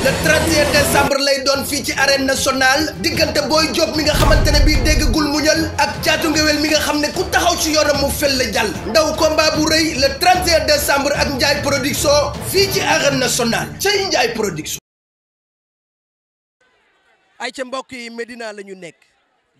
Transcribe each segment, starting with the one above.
le 31 décembre lay doon fii ci arène nationale diggante Boy Diop mi nga xamante ne bii déggagul muñal ak caatu ngewel mi nga xam ne ku taxaw ci yoonam mu fel la jàll ndaw combat bu rëy le 31 décembre ak Ndiaye production fii ci arène nationale cay Ndiaye production. ay ca mbokk yi Medina la ñu nekk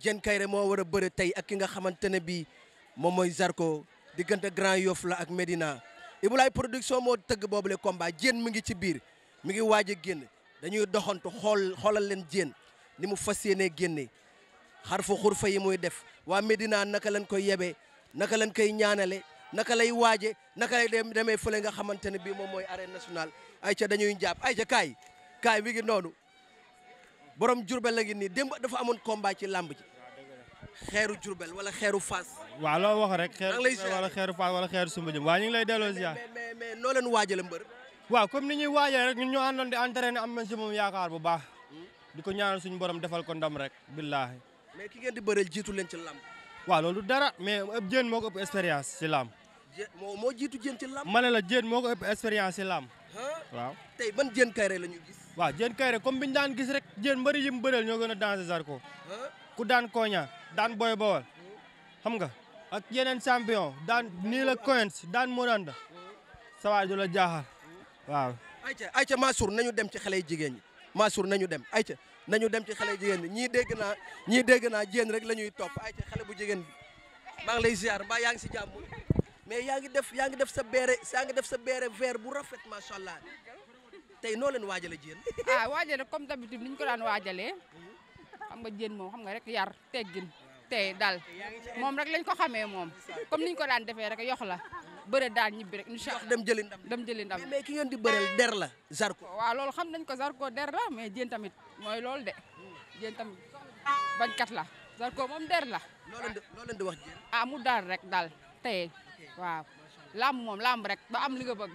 Diène Kaïré moo war a bëre tey ak ki nga xamante ne bii moom mooy Zarko diggante Grand Yoff la ak Medina Ibulaay production moo tëgg boobule combat Diène mi ngi ci biir. mi ngi waaj a génn dañuy doxantu xool xoolal leen jéen ni mu fas yéenee génne xarfa xurfa yi muy def waa Medina naka lañ koy yebee naka lañ koy ñaanale naka lay waaje naka lay demee fële nga xamante ne bii moom mooy arène nationale ay ca dañuy jàpp ay ca kaay kaay mi ngi noonu borom jurbel la ngi nii démb dafa amoon combat ci làmb ji xeeru jurbel wala xeeru faas waaw loo wax rek xeeru wala faas wala xeeru sumbajum waa ñu ngi lay delloo ziar mais mais noo leen waajale mbër waaw comme ni ñuy waajee rek ñun ñoo àndoon di entraîné am nañ si moom yaakaar bu baax di ko ñaanal suñu borom defal ko ndam rek billaahi mais ki ngeen di bëreel jiitu leen ci lam waaw loolu dara mais ëpp jéen moo ko ëpp expérience si làmb moo moo jiitu jéen ci lam ma ne la jéen moo ko ëpp expérience làmb waaw tey ban jéen kayre la ñu waaw jéen kayre comme biñu daan gis rek jéen mbëri yi mu bëreel ñoo gën a dansé ko ku daan koña daan boy bowal hmm. xam nga ak yeneen champion daan nii la coins daan moranda hmm. sawaay du la jaaxal waaw ayca ayca Mansour nañu dem ci xale yu jigéen ñi Mansour nañu dem ayca nañu dem ci xale jigéen ñi ñii dégg naa ñii dégg naa jéen rek la ñuy topp ayca xale bu jigéen bi maa ngi lay ziar mbaa yaa ngi si jàmm mais yaa ngi def yaa ngi def sa beere yaa def sa beere vert bu rafet macha allah tey noo leen waajale jéen ah waajale comme d'habitude ni ñu ko daan waajalee xam nga jéen moom xam nga rek yar teggin tey daal moom rek lañ ko xamee moom comme niñ ko daan defee rek yox la bëre daan ñibbi rek incha allah dem jëli ndam dem jëli ndam mais ki ngeen di bëreel der la Zarko waaw loolu xam nañ ko Zarko der la mais Diène tamit mooy loolu de Diène tamit bañkat la Zarko moom der la loo leen di wax Diène ah mu daal rek daal tey waaw lamb moom lamb rek ba am li nga bëgg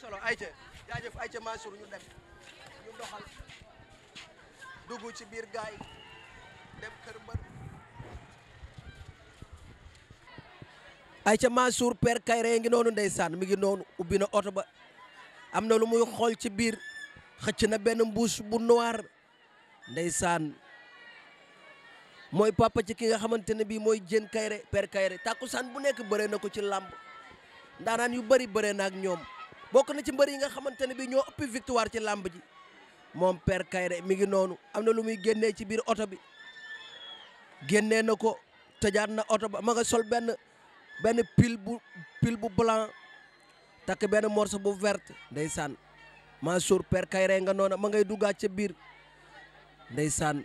solo ayca jaajëf ayca Mansour ñu dem ñu doxal dugg ci biir gaay dem kër mbër ay Aïcha Mansour per Kayre ngi noonu ndeysaan mi ngi noonu ubbi na oto ba am na lu muy xool ci biir xëcc na benn mbuus bu noir ndeysaan mooy papa ci ki nga xamante ne bii mooy jën Kayre Père Kayre saan bu nekk bëree na ko ci làmb ndaanaan yu bëri bëree na ak ñoom bokk na ci mbër yi nga xamante ne bii ñoo ëpp victoire ci làmb ji moom Père Kayre mi ngi noonu am na lu muy génnee ci biir oto bi génnee na ko tëjaat na oto ba mag a sol benn. benn pile bu pile bu bulan takk benn morceau bu verte ndeysaan Mansour per Kayre nga noona ma ngay duggaat ca biir ndeysaan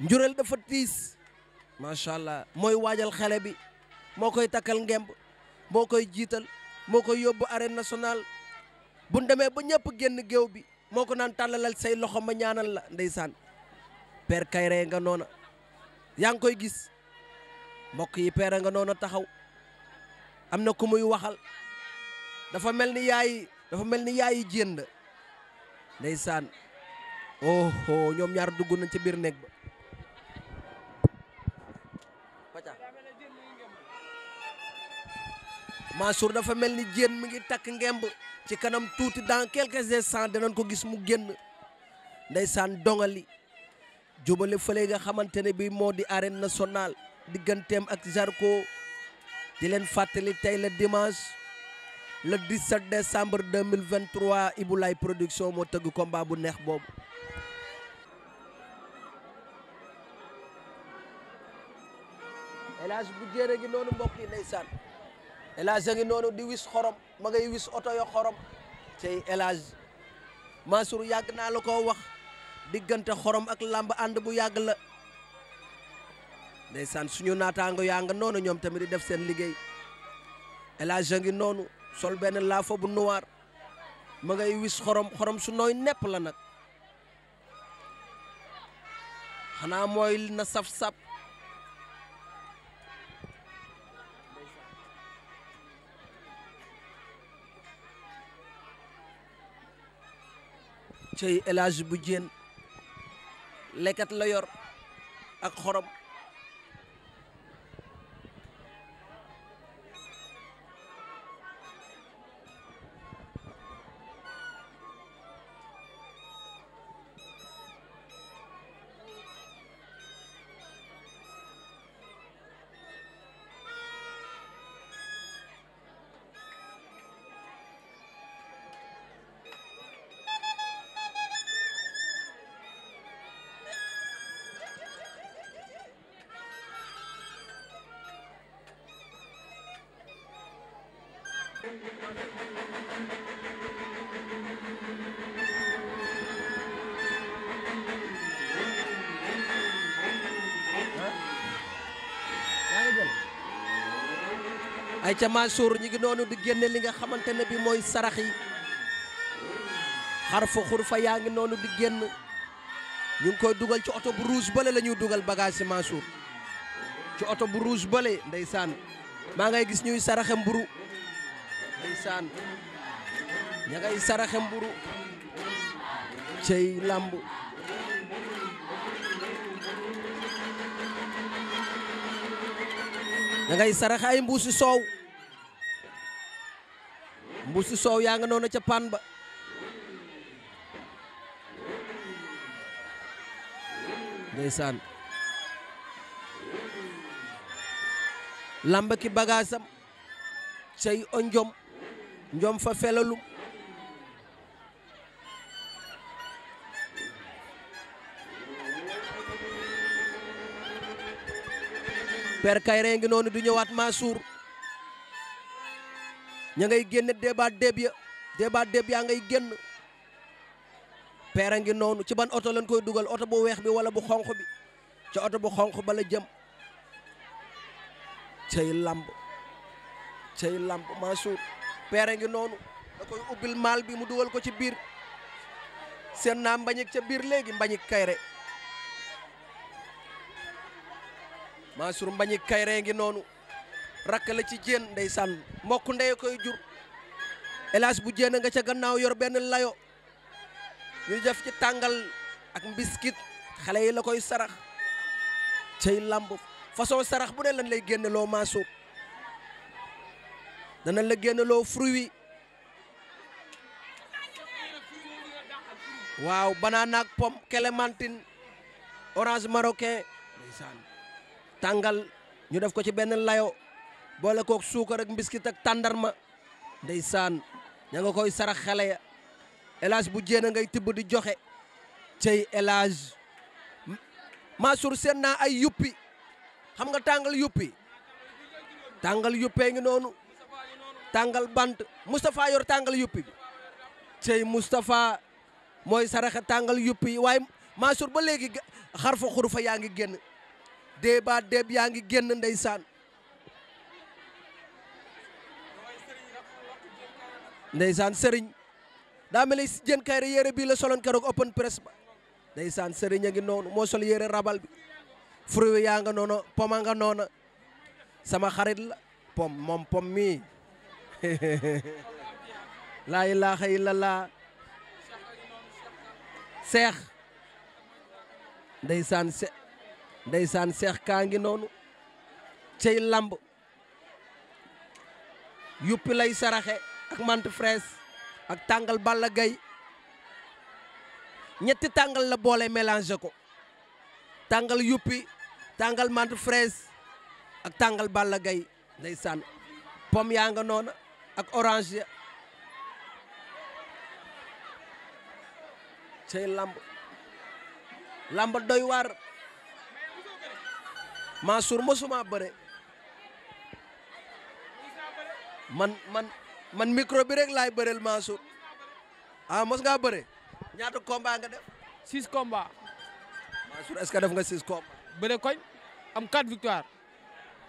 njureel dafa tiis macha allah mooy waajal xale bi moo koy takkal ngemb moo koy jiital moo koy yóbbu arène nationale bu ñu demee ba ñëpp génn géew bi moo ko naan tàllalal say loxo ma ñaanal la ndeysaan Père Kayre nga noona yaa ngi koy gis mbokk yi peera nga noonu taxaw am na ku muy waxal dafa mel ni yaay dafa mel ni yaayi jénd ndeysaan oho ñoom ñaar dugg nañ ci biir néeg ba paca Mansour dafa mel ni jéen mu ngi takk ngemb ci kanam tuuti dans quelques instants danañ ko gis mu génn ndeysaan dongali jubale fële nga xamante ne bi moo di arène nationale digganteem ak Zarko di leen fàttali tey la dimanche le 17 décembre 2023 Iboulaye production moo tëgg combat bu neex boobu. elage bu jéere gi noonu mbokk yi ndeysaan elage a ngi noonu di wis xorom ma ngay wis oto yo xorom cey elage Mansour yàgg naa la ko wax diggante xorom ak làmb ànd bu yàgg la ndeysaan suñu naataango yaa nga noonu ñoom tamit di def seen liggéey elage ngi noonu sol benn laafo bu noir ma ngay wis xorom xorom su nooy nepp la nag xanaa mooy na saf-sap cey bu jéen leket la yor ak xorom ay ca Mansour ñi ngi noonu di génne li nga xamante ne bi mooy sarax yi xar fa xur fa yaa ngi noonu di génn ñu ngi koy dugal ci oto bu rouge bële la dugal bagage si Mansour ci oto bu rouge bële ndeysaan maa ngay gis ñuy saraxe mburu ndeysaan ña ngay saraxe mburu cey làmb ña ngay saraxe ay mbuusi soow mbuusi soow yaa nga noonu ca pan ba ndeysaan làmb ki bagaasam cey onjom njom fa felalum per kayre ngi noonu du ñëwaat Mansour ña ngay génne débat déb ya débat yaa ngay génn peera ngi noonu ci ban oto lañ koy dugal oto bu weex bi wala bu xonq bi ca oto bu xonq bala jëm cay lamb cay lamb Mansour peere ngi noonu da koy ubbil maal bi mu duwal ko ci biir seen naa mbañik ca biir léegi mbañik kayre Mansour mbañik kayre ngi noonu rakk la ci jéen ndeysaan mbokk ndey koy jur hélas bu jéen nga ca gannaaw yor benn layo ñu def ci tàngal ak mbiskit xale yi la koy sarax cay làmb façon sarax bu ne lan lay génne loo danañ la génneloo fruit waaw banana ak pomme clémentine orange marocain ndeysaan ñu def ko ci benn layo boole kook suukar ak mbiskit ak tàndarma ndeysaan ña nga koy sarax xeleya ya élage bu jéen a ngay tibb di joxe cey élage Mansour seen naa ay yuppi xam nga tàngal yuppi tàngal yuppee ngi noonu tàngal bant Moustapha yor tàngal yuppi bi cey Moustapha mooy saraxa tàngal yuppi waaye Mansour ba léegi xarfa xurufa yaa ngi génn déeba déeb yaa ngi génn ndeysaan ndeysaan sëriñ daa mel ni jën kayre yére bii la soloon keroog open press ba ndeysaan sëriñ a ngi noonu moo sol yére rabal bi fruit yaa nga noona poma nga noona sama xarit la pom moom pom mii laa ilaaha illallah seex ndeysaan se ndeysaan seex kaa ngi noonu cey lamb yuppi lay saraxe ak mante fraise ak tàngal Balla Gaye ñetti tàngal la boole mélangé ko tàngal yuppi tàngal mante fraise ak tàngal Balla Gaye ndeysaan pom yaa nga noona ak orange ya cey lamb lamb doy waar Mansour mosuma bëre man man man micro bi rek laay bëreel Mansour ah mos ngaa bëre ñaata combat nga def. six combat. Mansour est-ce que def nga six combat. bëre koñ am quatre victoire.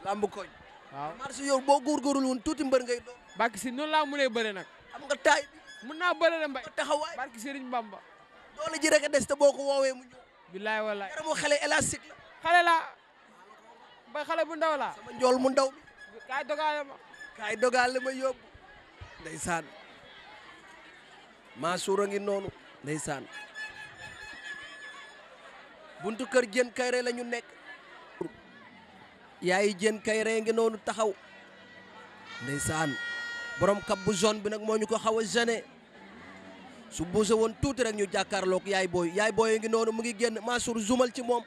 lamb koñ. waaw marche yow boo góorgóorlu woon tuuti mbër ngay doon. barki si noonu laa mënee bëre nag. am nga taay bi. mën naa bëre de mbay taxawaay barki Serigne Bamba. doole ji rek a des te boo ko woowee mu ñëw. billaay wallaay yaramu xale élastique la. xale laa mbay xale bu ndaw laa. sama njool mu ndaw bi. kaay dogaale ma. kaay dogaale ma yóbbu. ndeysaan ngi noonu. ndeysaan buntu kër jën kayre la ñu nekk. yaay jën kay ree ngi noonu taxaw ndeysaan borom kab bu zone bi nag moo ñu ko xaw a gêné su buuse woon tuuti rek ñu jàkkaarloog yaay booy yaay booy ngi noonu mu ngi génn Mansour zumal ci moom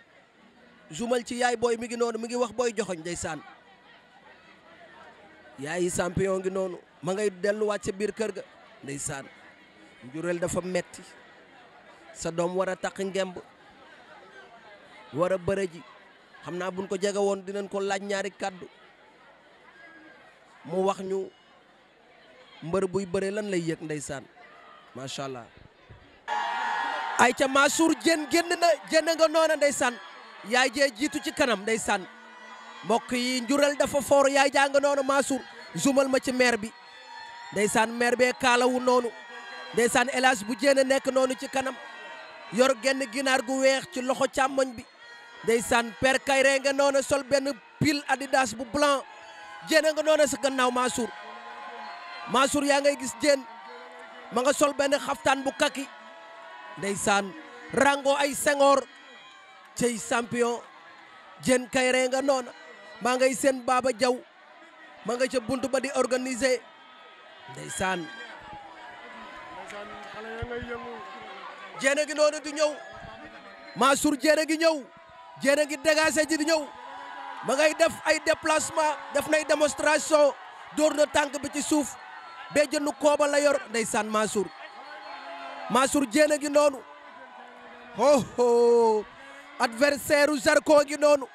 zumal ci yaay booy mi ngi noonu mi ngi wax booy joxoñ saan yaay champion ngi noonu ma ngay delluwaat ca biir kër ga saan njureel dafa metti sa doom war a taq ngemb wara a ji xam naa buñ ko jege woon dinañ ko laaj ñaari kàddu mu wax ñu mbër buy bëree lan lay yëg ndeysaan macha allah. ay ca Mansour jën génn na génn nga noona ndeysaan yaay jee jiitu ci kanam ndeysaan mbokk yi njureel dafa foor yaay jaa nga noona Mansour zumal ma ci maire bi ndeysaan maire bee kaalawu noonu ndeysaan El Hadj bu Diène nekk noonu ci kanam yor genn ginaar gu weex ci loxo càmmoñ bi. ndeysaan père Kayre nga noona sol benn pil Adidas bu blanc jéen nga noona sa gannaaw Mansour Mansour yaa ngay gis jéen ma nga sol benn xaftaan bu kaki ndeysaan rango ay sengoor cey champion jéen Kayre nga noona maa ngay seen Baba Jaw ma nga ca bunt ba di organiser ndeysaan jéen a ngi noona di ñëw Mansour jéen a ngi ñëw jéen a ngi dégagé ji di ñëw ma ngay def ay déplacement def nay démonstration dóor na tànk bi ci suuf bee jëndu kooba la yor ndeysaan Mansour Mansour jéen a gi noonu ho ho adversaire u Zarko ngi noonu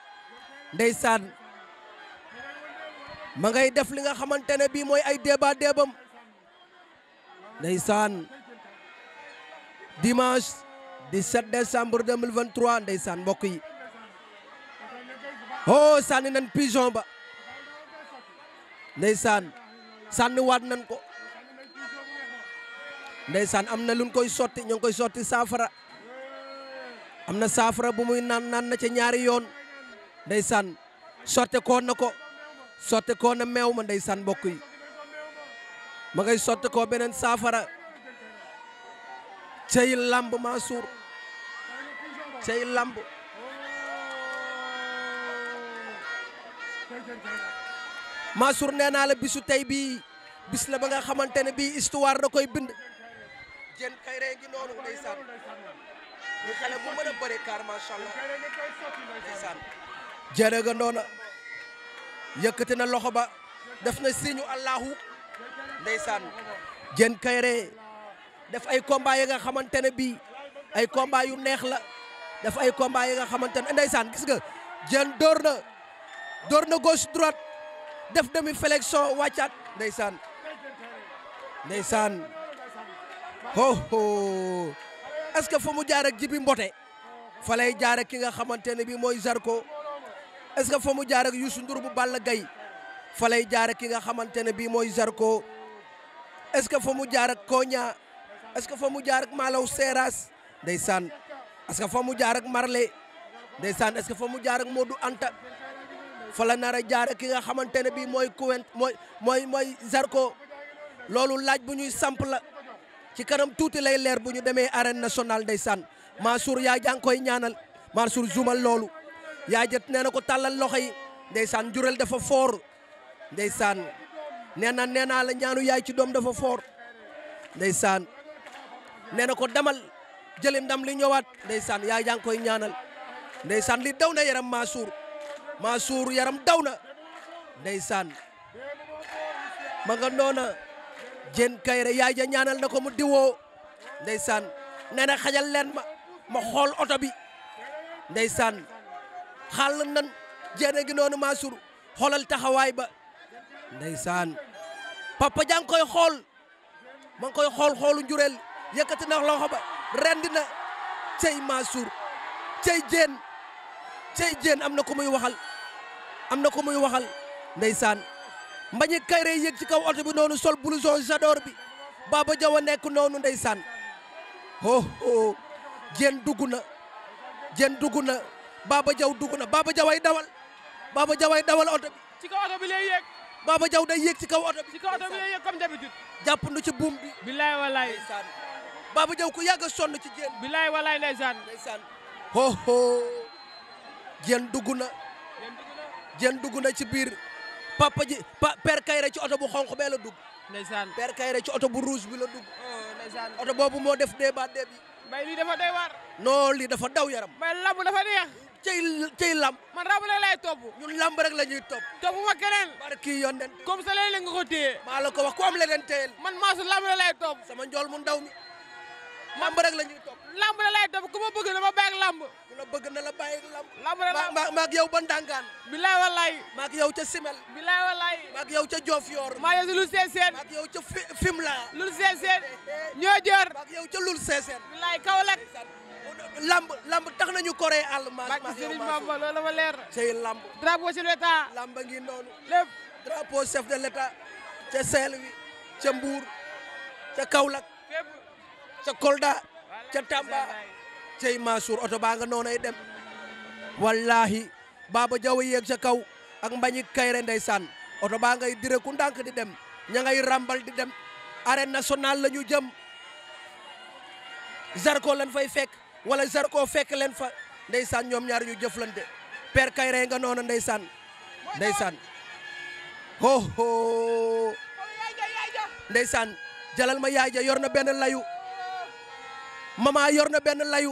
ma ngay def li nga xamante ne bii mooy ay débat débam ndeysaan dimanche 17 décembre 2023 ndeysaan mbokk yi oh sànni nan pigeon ba ndeysaan sànni waat nan ko ndeysaan am na luñ koy sotti ñu ko koy sotti saafara am na saafara bu muy naan naan na ca ñaari yoon ndeysaan sotte koo na ko sotte koo na meew ma ndeysaan mbokk yi ma ngay sotte koo beneen saafara cey lamb Mansour cey lamb Mansour nee naa la bisu tey bii bis la ba nga xamante ne bii histoire da koy bind. jën kayre gi noonu ndeysaan ñu xale bu mën a bëri kaar macha allah ndeysaan na loxo ba def na siñu allahu ndeysaan jën kayre def ay combat yi nga xamante ne bii ay combat yu neex la def ay combat yi nga xamante ndeysaan gis nga jën dóor na door na gauche droite def demi flexion wàccaat ndeysaan ndeysaan ho ho est-ce que fa mu jaar ak jibi mbote fa lay jaar ki nga xamante ne bii mooy Zarko est-ce que fa mu jaar ak Youssou bu Balla gay falay lay jaar ki nga xamante ne bii mooy Zarko est-ce que fa mu jaar ak Koña est-ce que fa mu jaar ak Malaw Seras ndeysaan est-ce que fa mu jaar ak Marley ndeysaan est-ce que fa mu jaar ak Modou fala la nar a jaar ki nga xamante ne bii mooy kuwent mooy mooy mooy Zarko loolu laaj bu ñuy samp la ci kanam tuuti lay leer bu ñu demee arène nationale ndeysaan Mansour yaa jaa ngi koy ñaanal Mansour zumal loolu yaa jët nee na ko tàllal loxo yi ndeysaan jurel dafa foor ndeysaan nee na nee naa la ñaanu yaay ci doom dafa foor ndeysaan nee na ko demal jëli ndam li ñëwaat ndeysaan yaa yaay ngi koy ñaanal ndeysaan li daw na yaram Mansour Mansour yaram daw na ndeysaan ma nga noona jën kayre yaay ja ñaanal na ko mu diwoo ndeysaan nee na xajal leen ma ma xool oto bi ndeysaan xàll nan jën a ngi noonu xoolal taxawaay ba ndeysaan papa jang koy xool ma ngi koy xool xoolu njureel yëkkati na loxo ba rendi na cey Mansour jën cey jéen am na ko muy waxal am na ko muy waxal ndeysaan mbañi kayre yéeg ci kaw oto bi noonu sol blouson j'adore bi Baba Jaw a nekk noonu ndeysaan ho ho jéen dugg na jéen dugg na Baba Jaw dugg na Baba Jaw ay dawal Baba Jaw ay dawal oto bi ci kaw oto bi lay Jaw day yéeg ci kaw oto bi ci kaw oto jàpp nu ci buum bi bilaay walaay ndeysaan Baba Jaw ku yàgg a sonn ci jéen bilaay walaay ndeysaan ndeysaan ho ho jën dugg na jën dugg na ci biir papa ji pa père Kayre ci oto bu xonq bee la dugg. ndeysaan père Kayre ci oto bu rouge bi la dugg. Oh, ndeysaan oto boobu moo def débat déb yi. bay lii dafa doy waar. non lii dafa daw yaram. bay lamb dafa neex. cey cey lam man lamb rek lay topp. ñun lamb rek la ñuy topp. topp ma keneen. barki yonent. comme ça leneen nga ko téye. maa la ko wax ku am leneen téyel. man maa lam lamb rek lay topp. sama njool mu ndaw mi lamb rek la ñuy topp. lamb da lay def ku ma bëgg dama na la bàyyi ak lamb. lamb da la ma ma ak yow ba Ndangaan. bilaay walaay. yow ca Simel. bilaay walaay. ma ak yow ca Diofior. maa yow si Lul Sessène. ma ak yow ca Fimela. Lul Sessène. ñoo jor. ma ak yow ca Lul Sessène. bilaay Kaolack. lamb lamb tax nañu koree àll. ma ma leer. c'est lamb. drapeau chef de lamb ngi noonu. lépp drapeau chef de l'état. ca Saint-Louis ca Mbour ca Kaolack. ca Kolda. ca Tamba cey Mansour oto baa nga noonay dem wallahi Baba Diaw yéeg ca kaw ak Mbagnick Kaïré ndeysaan oto baa ngay dire ku ndànk di dem ña ngay rambal di dem arène nationale la ñu jëm Zarko lan fay fekk wala Zarko fekk leen fa ndeysaan ñoom ñaar ñu jëflante Père Kaïré nga noona ndeysaan saan ho ho ndeysaan jalal ma yaay ja yor na benn layu mama yor na benn layu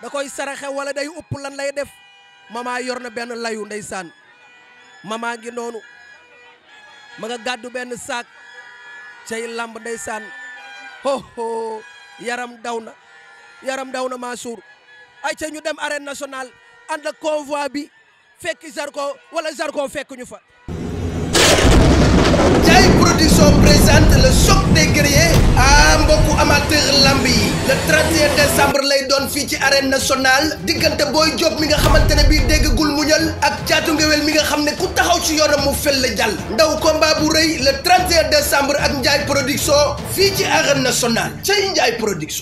da koy saraxe wala day upp lan lay def mama yor na benn layu ndeysaan mama ngi noonu ma gàddu benn saak cay lamb ndeysaan saan ho yaram daw na yaram daw na Mansour ay ca ñu dem arène national ànd ak convoi bi fekk Zarko wala Zarko fekk ñu fa. Ndiaye production présente le choc des guerriers. am mbokku amateur lamb yi le 31 lay doon fii ci arène nationale diggante booy Diop mi nga xamante ne bii déggagul muñal ak caatu ngewel mi nga xam ne ku taxaw ci yoonam mu fel la jàll ndaw combat bu rëy le 31 décembre ak Ndiaye production fii ci arène nationale cay Ndiaye production.